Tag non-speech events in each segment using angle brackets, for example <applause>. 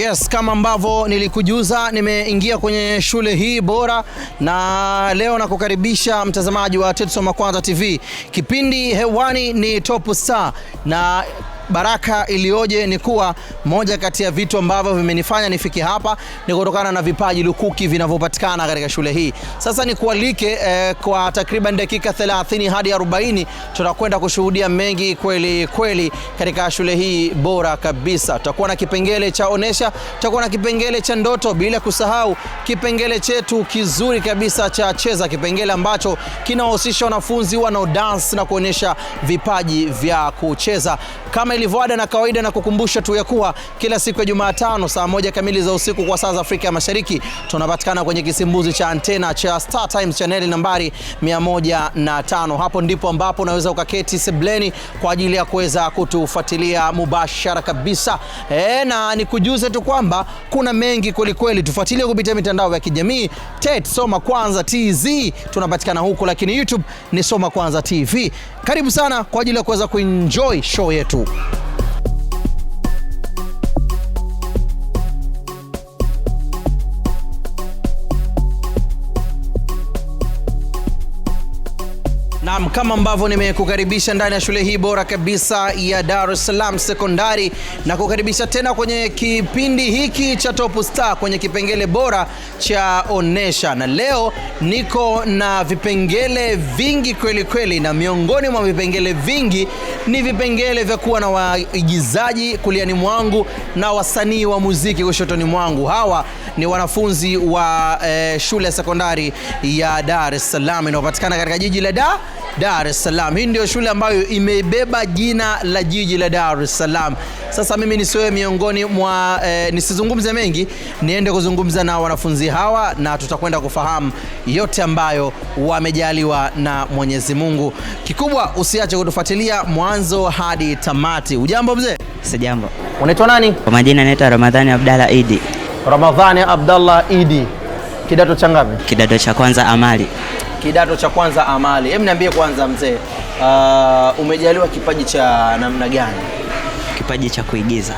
Yes, kama ambavyo nilikujuza nimeingia kwenye shule hii bora na leo nakukaribisha mtazamaji wa Tetso Makwanza TV. Kipindi hewani ni Top Star na baraka iliyoje ni kuwa moja kati ya vitu ambavyo vimenifanya nifike hapa ni kutokana na vipaji lukuki vinavyopatikana katika shule hii. Sasa nikualike eh, kwa takriban dakika 30 hadi 40 tutakwenda kushuhudia mengi kweli kweli katika shule hii bora kabisa. Tutakuwa na kipengele cha onesha, tutakuwa na kipengele cha ndoto, bila kusahau kipengele chetu kizuri kabisa cha cheza, kipengele ambacho kinawahusisha wanafunzi wanaodance na kuonyesha vipaji vya kucheza. Kama ilivyoada na kawaida, na kukumbusha tu ya kuwa kila siku ya Jumatano saa moja kamili za usiku kwa saa za Afrika ya Mashariki tunapatikana kwenye kisimbuzi cha antena cha Star Times chaneli nambari 105. Hapo ndipo ambapo unaweza ukaketi sebleni kwa ajili ya kuweza kutufuatilia mubashara kabisa. E, na nikujuze tu kwamba kuna mengi kwelikweli. Tufuatilie kupitia mitandao ya kijamii TET Soma Kwanza TZ tunapatikana huko, lakini YouTube ni Soma Kwanza TV. Karibu sana kwa ajili ya kuweza kuenjoy show yetu. ถูก Naam, kama ambavyo nimekukaribisha ndani ya shule hii bora kabisa ya Dar es Salaam Sekondari na kukaribisha tena kwenye kipindi hiki cha Top Star kwenye kipengele bora cha Onesha, na leo niko na vipengele vingi kweli kweli, na miongoni mwa vipengele vingi ni vipengele vya kuwa na waigizaji kuliani mwangu na wasanii wa muziki kushotoni mwangu. Hawa ni wanafunzi wa eh, shule ya sekondari ya Dar es Salaam inayopatikana katika jiji la Dar Dar es Salaam. Hii ndio shule ambayo imeibeba jina la jiji la Dar es Salaam. Sasa mimi nisiwe miongoni mwa e, nisizungumze mengi, niende kuzungumza na wanafunzi hawa na tutakwenda kufahamu yote ambayo wamejaliwa na Mwenyezi Mungu. Kikubwa usiache kutufuatilia mwanzo hadi tamati. Ujambo mzee? Sijambo. Unaitwa nani? Kwa majina naitwa Ramadhani Abdalla Idi. Ramadhani Abdalla Idi. Kidato cha ngapi? Kidato cha kwanza amali kidato cha kwanza amali. Hebu niambie kwanza mzee, uh, umejaliwa kipaji cha namna gani? Kipaji cha kuigiza,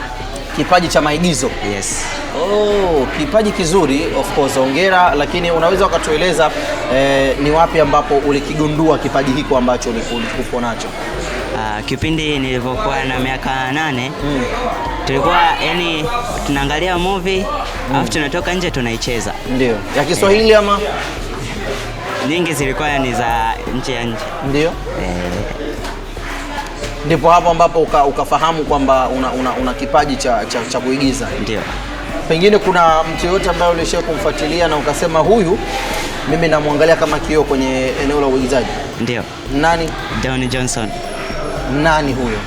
kipaji cha maigizo? Yes. Oh, kipaji kizuri, of course, hongera. Lakini unaweza ukatueleza eh, ni wapi ambapo ulikigundua kipaji hiko ambacho ulikuwa nacho? Uh, kipindi nilivyokuwa na miaka nane mm. tulikuwa yani tunaangalia movie mm. alafu hmm. tunatoka nje tunaicheza. Ndio ya eh. Kiswahili yeah. ama nyingi zilikuwa ni za nje ya nje, ndio eh. ndipo hapo ambapo uka, ukafahamu kwamba una, una, una kipaji cha, cha, cha kuigiza. Ndio pengine kuna mtu yoyote ambaye ulisha kumfuatilia na ukasema huyu mimi namwangalia kama kioo kwenye eneo la uigizaji? Ndio. Nani? Don Johnson. Nani huyo?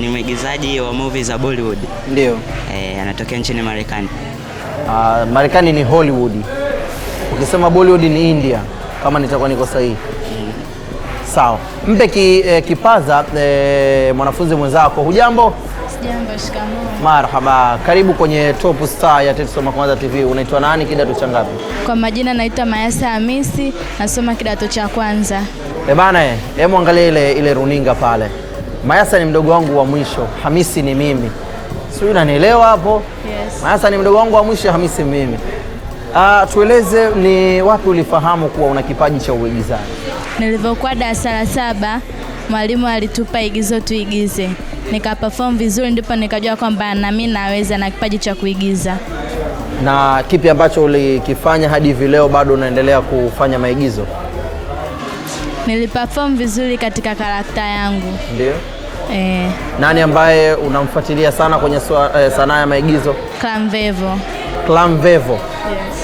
Ni mwigizaji wa movie za Bollywood. Ndio. E, anatokea nchini Marekani. Uh, Marekani ni Hollywood, ukisema Bollywood ni India kama nitakuwa niko sahihi. Sawa, mpe ki, eh, kipaza eh, mwanafunzi mwenzako. Hujambo? Sijambo. Shikamoo. Marhaba, karibu kwenye Top Star ya Tete Kwanza TV. Unaitwa nani, kidato cha ngapi? Kwa majina naitwa Mayasa Hamisi, nasoma kidato cha kwanza. Eh bana, eh, hebu angalia ile ile runinga pale. Mayasa ni mdogo wangu wa mwisho, Hamisi ni mimi, sijui unanielewa hapo? Yes. Mayasa ni mdogo wangu wa mwisho, Hamisi mimi Uh, tueleze ni wapi ulifahamu kuwa una kipaji cha uigizaji? Nilivyokuwa darasa la saba, mwalimu alitupa igizo tuigize, nikaperform vizuri, ndipo nikajua kwamba nami naweza na kipaji cha kuigiza. Na kipi ambacho ulikifanya hadi hivi leo bado unaendelea kufanya maigizo? Niliperform vizuri katika karakta yangu. Ndio. Eh. Nani ambaye unamfuatilia sana kwenye eh, sanaa ya maigizo? Clamvevo. Vevo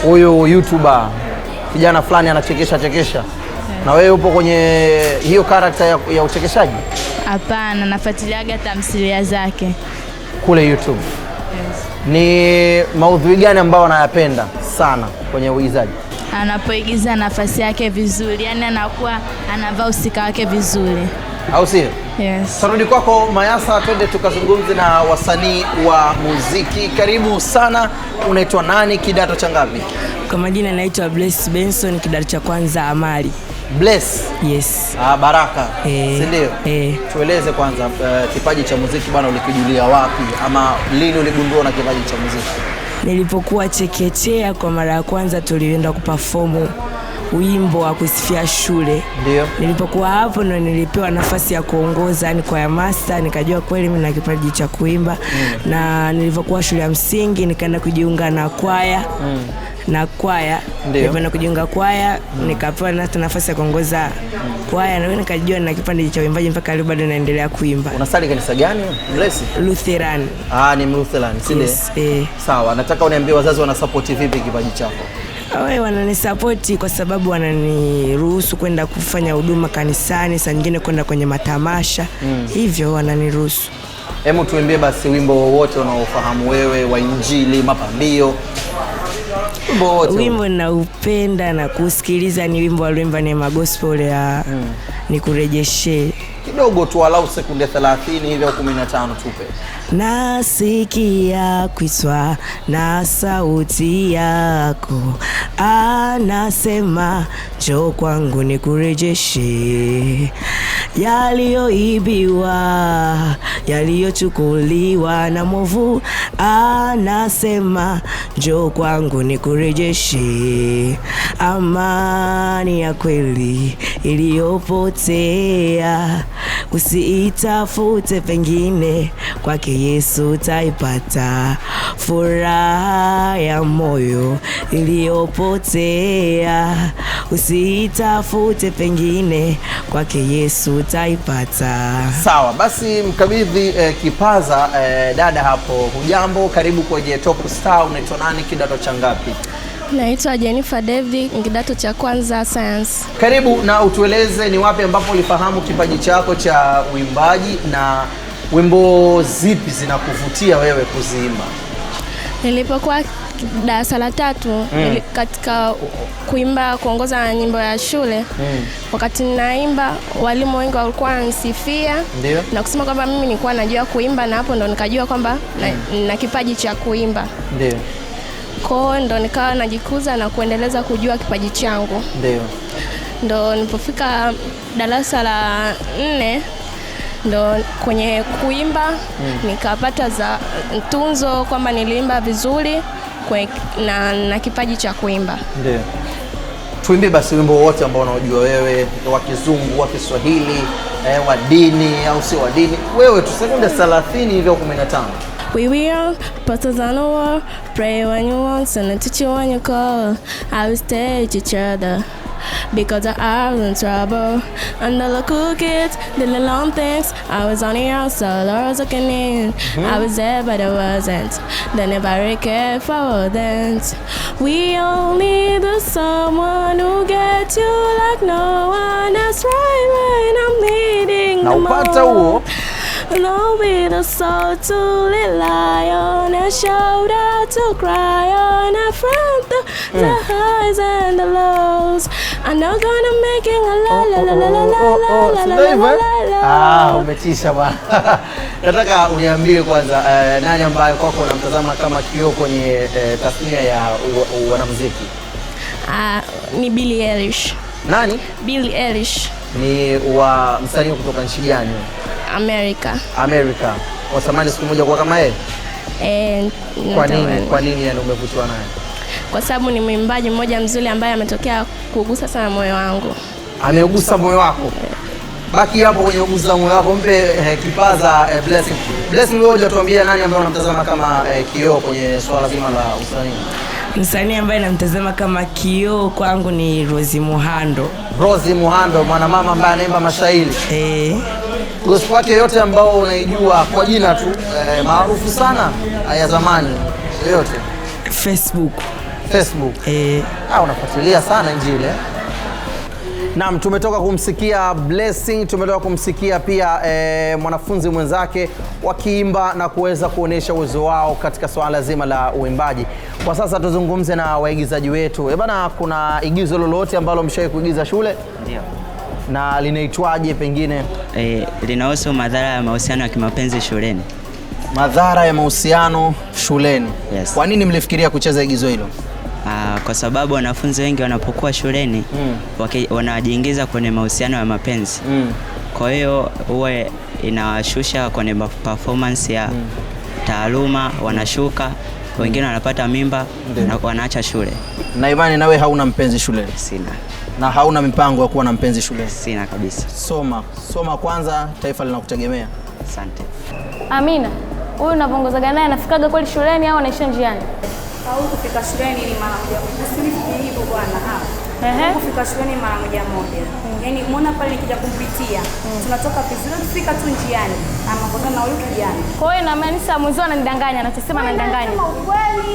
huyu yes. YouTuber kijana fulani anachekesha chekesha yes. Na wewe upo kwenye hiyo karakta ya, ya uchekeshaji? Hapana, nafuatiliaga tamthilia zake kule YouTube. Yes. Ni maudhui gani ambayo anayapenda sana kwenye uigizaji? Anapoigiza nafasi yake vizuri, yani anakuwa anavaa usika wake vizuri au sio? Yes. Tarudi kwako Mayasa, twende tukazungumze na wasanii wa muziki. Karibu sana. Unaitwa nani, kidato cha ngapi? Kwa majina naitwa Bless Benson, kidato cha kwanza amali. Bless. Yes. Ah, Baraka. Eh, si ndio? Eh. Tueleze kwanza uh, kipaji cha muziki bwana ulikijulia wapi ama lini uligundua na kipaji cha muziki? Nilipokuwa chekechea kwa mara ya kwanza tulienda kuperform wimbo wa kusifia shule. Ndio. Nilipokuwa hapo ndo nilipewa nafasi ya kuongoza yani kwa ya master, nikajua kweli mimi na kipaji cha kuimba mm. na nilipokuwa shule ya msingi nikaenda kujiunga na kwaya mm. na kwaya nilipoenda kujiunga kwaya mm. nikapewa hata nafasi ya kuongoza mm. kwaya na nikajua na kipaji cha uimbaji mpaka leo bado naendelea kuimba. Unasali kanisa gani? Mlesi? Lutheran. Ah, ni Lutheran, si ndio? Yes, eh. Sawa, nataka uniambie wazazi wana support vipi kipaji chako? Wewe wananisapoti kwa sababu wananiruhusu kwenda kufanya huduma kanisani, saa nyingine kwenda kwenye matamasha mm. Hivyo wananiruhusu. Hebu tuimbie basi wimbo wowote unaofahamu wewe wa Injili, mapambio wimbo ninaupenda na kusikiliza ni wimbo wa Lwemba ni magospel ya mm. Nikurejeshe kidogo tu, walau sekunde 30 hivi au 15 tupe. Nasikia kwiswa na sauti yako, anasema njoo kwangu nikurejeshe yaliyoibiwa, yaliyochukuliwa na mwovu, anasema njoo kwangu nikurejeshe amani ya kweli iliyopotea. Usiitafute pengine, kwake Yesu utaipata furaha ya moyo iliyopotea. Usiitafute pengine, kwake Yesu utaipata. Sawa basi, mkabidhi eh, kipaza eh, dada hapo. Hujambo, karibu kwenye Top Star. Unaitwa nani, kidato cha ngapi? Naitwa Jennifer Devi, kidato cha kwanza science. Karibu na utueleze ni wapi ambapo ulifahamu kipaji chako cha uimbaji na wimbo zipi zinakuvutia wewe kuziimba? Nilipokuwa darasa la tatu mm. katika kuimba kuongoza nyimbo ya shule mm. Wakati ninaimba walimu wengi walikuwa wanisifia na kusema kwamba mimi nilikuwa najua kuimba, na hapo ndo nikajua kwamba mm. na kipaji cha kuimba ndio koo, ndo nikawa najikuza na kuendeleza kujua kipaji changu ndio ndo nilipofika darasa la nne ndo kwenye kuimba mm. nikapata za tunzo kwamba niliimba vizuri kwe, na, na kipaji cha kuimba. Ndio. Tuimbe basi wimbo wote ambao unaojua wewe, wa Kizungu, wa Kiswahili, eh, wa dini au sio wa dini. Wewe tu sekunde 30 hivi au 15. We will us on the wall, pray when you want, it to you when you call. I will stay each other. because I was in trouble. And the little cool kids did the long things. I was on the outside, I was looking in. Mm-hmm. I was there, but I wasn't. Then if cared for then we all need someone who gets you like no one else right when I'm needing the most. I'll be soul to rely on. a shoulder to cry on. I front the, hmm. the mm. highs and the lows. I'm not gonna make it la la la la la la la oh, oh, oh, la. la la eh? la la Ah, umetisha bwana. <laughs> Nataka uniambie kwanza eh, nani ambaye kwako unamtazama kama kioo kwenye eh, tasnia ya wanamuziki? Ah, ni Billie Eilish. Nani? Billie Eilish. Ni wa msanii kutoka nchi gani? Amerika. America. Watamani siku moja kwa kama yeye? E, kwa nini kwa nini yani umevutiwa naye? Kwa sababu ni mwimbaji mmoja mzuri ambaye ametokea kugusa sana moyo wangu. Ameugusa moyo wako? Baki hapo kwenye ugusa moyo wako, mpe eh, kipaza eh, Blessing. Blessing, wewe hujatuambia nani ambaye unamtazama kama eh, kioo kwenye swala zima la usanii? Msanii ambaye namtazama kama kioo kwangu ni Rose Muhando. Rose Muhando, mwanamama ambaye anaimba mashairi. Eh. Gospel yake yote ambao unaijua kwa jina tu eh, maarufu sana ah, ya zamani yote Facebook. Facebook. Eh. Ah, unafuatilia sana injili. Naam, tumetoka kumsikia Blessing, tumetoka kumsikia pia eh, mwanafunzi mwenzake wakiimba na kuweza kuonyesha uwezo wao katika swala zima la uimbaji. Kwa sasa tuzungumze na waigizaji wetu. Eh, bana kuna igizo lolote ambalo mshawahi kuigiza shule? Ndio na linaitwaje pengine? E, linahusu madhara ya mahusiano ya kimapenzi shuleni. Madhara ya mahusiano shuleni. Yes. Kwa nini mlifikiria kucheza igizo hilo? Aa, kwa sababu wanafunzi wengi wanapokuwa shuleni mm. wanajiingiza kwenye mahusiano ya mapenzi mm. kwa hiyo huwa inawashusha kwenye performance ya mm. taaluma, wanashuka wengine mm. wanapata mimba na wanaacha shule. Na imani nawe hauna mpenzi shuleni? Sina na hauna mipango ya kuwa na mpenzi shuleni? Sina kabisa. Soma, soma kwanza, taifa linakutegemea. Asante. Amina, huyu unavongozaga naye anafikaga kweli shuleni au anaisha njiani? Au kufika shuleni ni mara moja. moja. Sisi ni hivyo bwana hapa. Ehe. Kufika shuleni mara moja moja. Yaani muona pale nikija kumpitia. Mm. Tunatoka vizuri tufika tu njiani. Ama kwa na huyu kijana. Kwa hiyo inamaanisha mwanzo ananidanganya, anachosema ananidanganya. Ukweli,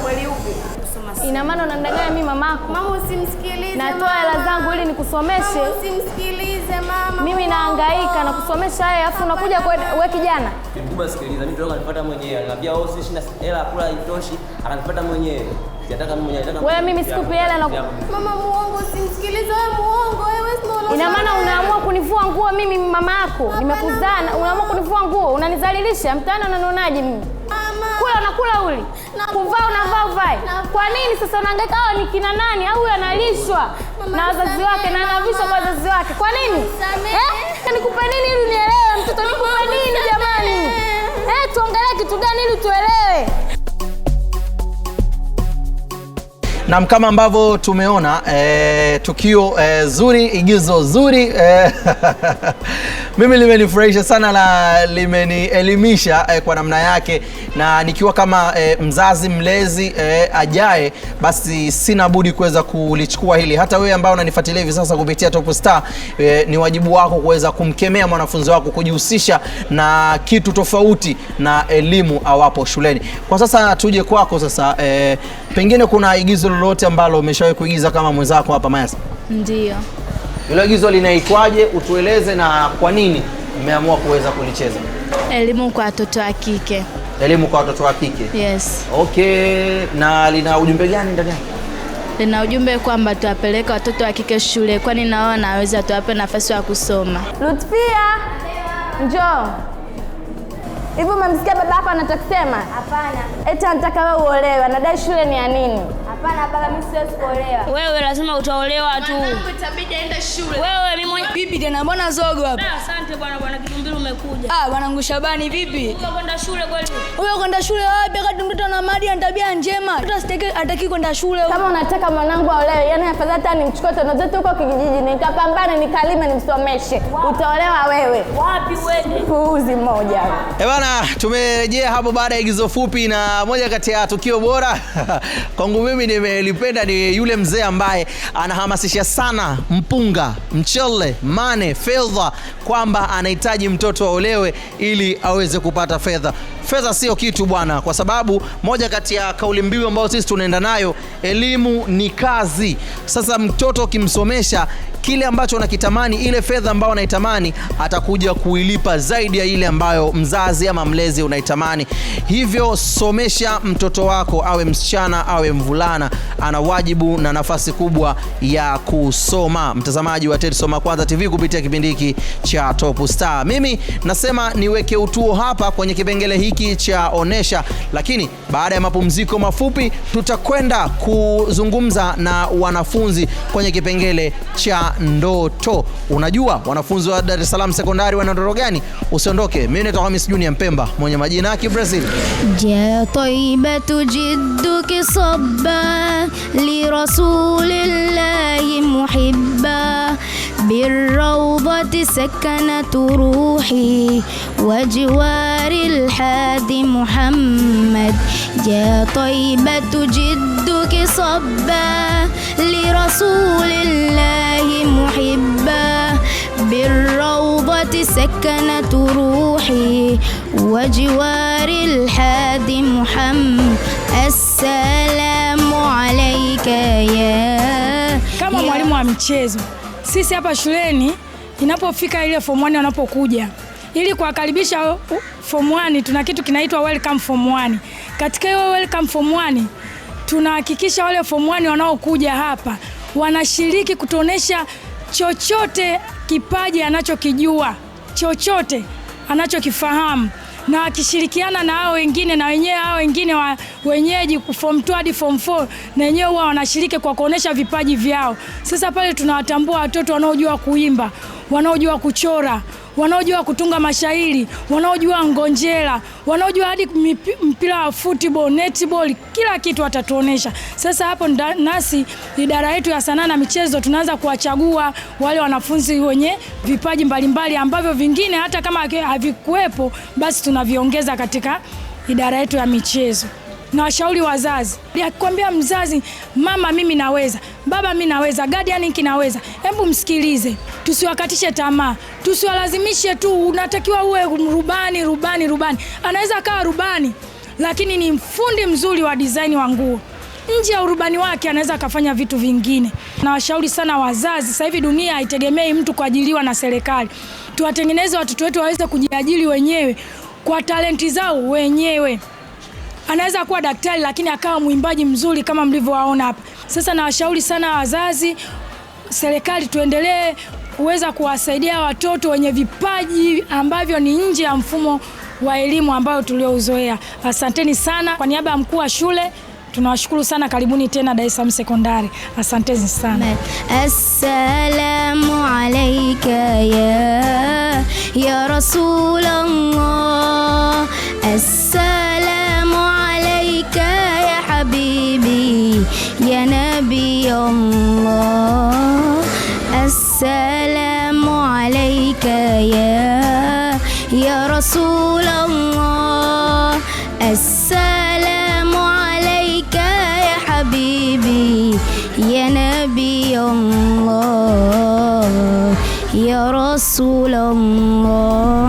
ukweli upi? masomo. Ina maana unamdanganya mimi mamako. Mama usimsikilize. Natoa hela zangu ili nikusomeshe. Mama usimsikilize mama. Mimi naangaika na kusomesha yeye afu unakuja wewe kijana. Kikubwa sikiliza, mimi toka nipata mwenyewe. Anambia wewe oh, usishi na hela kula haitoshi, akanipata mwenyewe. Sijataka mimi mwenyewe. Wewe mimi sikupi hela na Mama muongo usimsikilize wewe muongo wewe sio unaona. Ina maana unaamua kunivua nguo mimi mama yako. Nimekuzaa unaamua kunivua nguo, unanizalilisha. Mtaani unanionaje mimi? kula unakula uli kuvaa unavaa uvae. Kwa nini sasa unahangaika? Hao ni kina nani? Au huyu analishwa na wazazi wake na anavishwa kwa wazazi wake? Kwa nini eh? Yaani nikupe nini ili nielewe mtoto? Nikupe nini jamani eh? Tuongelee kitu gani ili tuelewe? Nam, kama ambavyo tumeona eh, tukio eh, zuri, igizo zuri eh, <laughs> mimi limenifurahisha sana na limenielimisha eh, kwa namna yake, na nikiwa kama eh, mzazi mlezi eh, ajaye, basi sina budi kuweza kulichukua hili. Hata wewe ambao unanifuatilia hivi sasa kupitia Top Star eh, ni wajibu wako kuweza kumkemea mwanafunzi wako kujihusisha na kitu tofauti na elimu awapo shuleni. Kwa sasa tuje kwako sasa, eh, pengine kuna igizo lolote ambalo umeshawahi kuigiza kama mwenzako hapa Mayas? Ndio. Hilo agizo linaitwaje? Utueleze na kwa nini mmeamua kuweza kulicheza. Elimu kwa watoto wa kike. Elimu kwa watoto wa kike. Yes. Okay, na lina ujumbe gani ndani yake? Lina ujumbe kwamba tuwapeleke watoto wa kike shule, kwani nao naweza tuwape nafasi ya kusoma. Lutfia, njoo. Hivyo umemsikia baba hapa anataka Hapana. Eti anataka wewe uolewe, anadai shule ni ya nini? Hapana baba, mimi siwezi kuolewa. Wewe lazima utaolewa tu. Mwanangu itabidi aende shule. Wewe mimi mwenyewe. Bibi tena mbona zogo hapa? Ah, asante bwana bwana Kitumbili umekuja. Ah, bwanangu Shabani vipi? Uko kwenda shule kweli? Wewe kwenda shule wapi wakati mtoto na madi ana tabia njema? Mtoto asitaki ataki kwenda shule. Kama unataka mwanangu aolewe, yani afadhali hata nimchukue tena zote huko kijijini nikapambane nikalime nimsomeshe. Utaolewa wewe. Wapi wewe? Puuzi moja. Eh, bwana tumerejea hapo baada ya igizo fupi na moja kati ya tukio bora <laughs> kwangu mimi nimelipenda ni yule mzee ambaye anahamasisha sana mpunga, mchele, mane, fedha kwamba anahitaji mtoto aolewe ili aweze kupata fedha. Fedha sio kitu bwana, kwa sababu moja kati ya kauli mbiu ambayo sisi tunaenda nayo, elimu ni kazi. Sasa mtoto ukimsomesha kile ambacho anakitamani, ile fedha ambayo anaitamani atakuja kuilipa zaidi ya ile ambayo mzazi ama mlezi unaitamani. Hivyo somesha mtoto wako, awe msichana awe mvulana ana wajibu na nafasi kubwa ya kusoma. Mtazamaji wa TET Soma Kwanza TV kupitia kipindi hiki cha Top Star, mimi nasema niweke utuo hapa kwenye kipengele hiki cha onesha, lakini baada ya mapumziko mafupi tutakwenda kuzungumza na wanafunzi kwenye kipengele cha ndoto. Unajua wanafunzi wa Dar es Salaam sekondari wana ndoto gani? Usiondoke, mimi naitwa Hamis Junior Mpemba mwenye majina ya Kibrazil. لرسول الله محبا بالروضة سكنت روحي وجوار الحادي محمد يا طيبة جدك صبا لرسول الله محبا بالروضة سكنت روحي وجوار الحادي محمد السلام yeah. Kama yeah. Mwalimu wa mchezo sisi hapa shuleni inapofika ile form 1 wanapokuja ili kuwakaribisha form 1 tuna kitu kinaitwa welcome form 1. Katika hiyo welcome form 1 tunahakikisha wale form 1 wanaokuja hapa wanashiriki kutuonesha chochote kipaji anachokijua, chochote anachokifahamu na wakishirikiana na hao wengine na wenyewe hao wengine wa, wenyeji form 2 hadi form 4 na wenyewe huwa wanashiriki kwa kuonesha vipaji vyao. Sasa pale tunawatambua watoto wanaojua kuimba wanaojua kuchora, wanaojua kutunga mashairi, wanaojua ngonjera, wanaojua hadi mpira wa football, netball, kila kitu watatuonesha. Sasa hapo nasi idara yetu ya sanaa na michezo tunaanza kuwachagua wale wanafunzi wenye vipaji mbalimbali ambavyo vingine hata kama havikuwepo basi tunaviongeza katika idara yetu ya michezo na washauri wazazi. Akikwambia mzazi, mama, mimi naweza, baba, mimi naweza, guardian kinaweza, hebu msikilize, tusiwakatishe tamaa, tusiwalazimishe tu unatakiwa uwe rubani, rubani, rubani. Anaweza akawa rubani lakini ni mfundi mzuri wa design wa nguo nje ya urubani wake anaweza akafanya vitu vingine. Nawashauri sana wazazi, sasa hivi dunia haitegemei mtu kuajiliwa na serikali. Tuwatengeneze watoto wetu waweze kujiajiri wenyewe kwa talenti zao wenyewe anaweza kuwa daktari lakini akawa mwimbaji mzuri kama mlivyowaona hapa. Sasa nawashauri sana wazazi, serikali, tuendelee kuweza kuwasaidia watoto wenye vipaji ambavyo ni nje ya mfumo wa elimu ambayo tuliouzoea. Asanteni sana kwa niaba ya mkuu wa shule tunawashukuru sana. Karibuni tena Dar es Salaam Sekondari, asanteni sana. Assalamu alayka ya ya Rasulullah. يا الله السلام عليك يا يا رسول الله السلام عليك يا حبيبي يا نبي الله يا رسول الله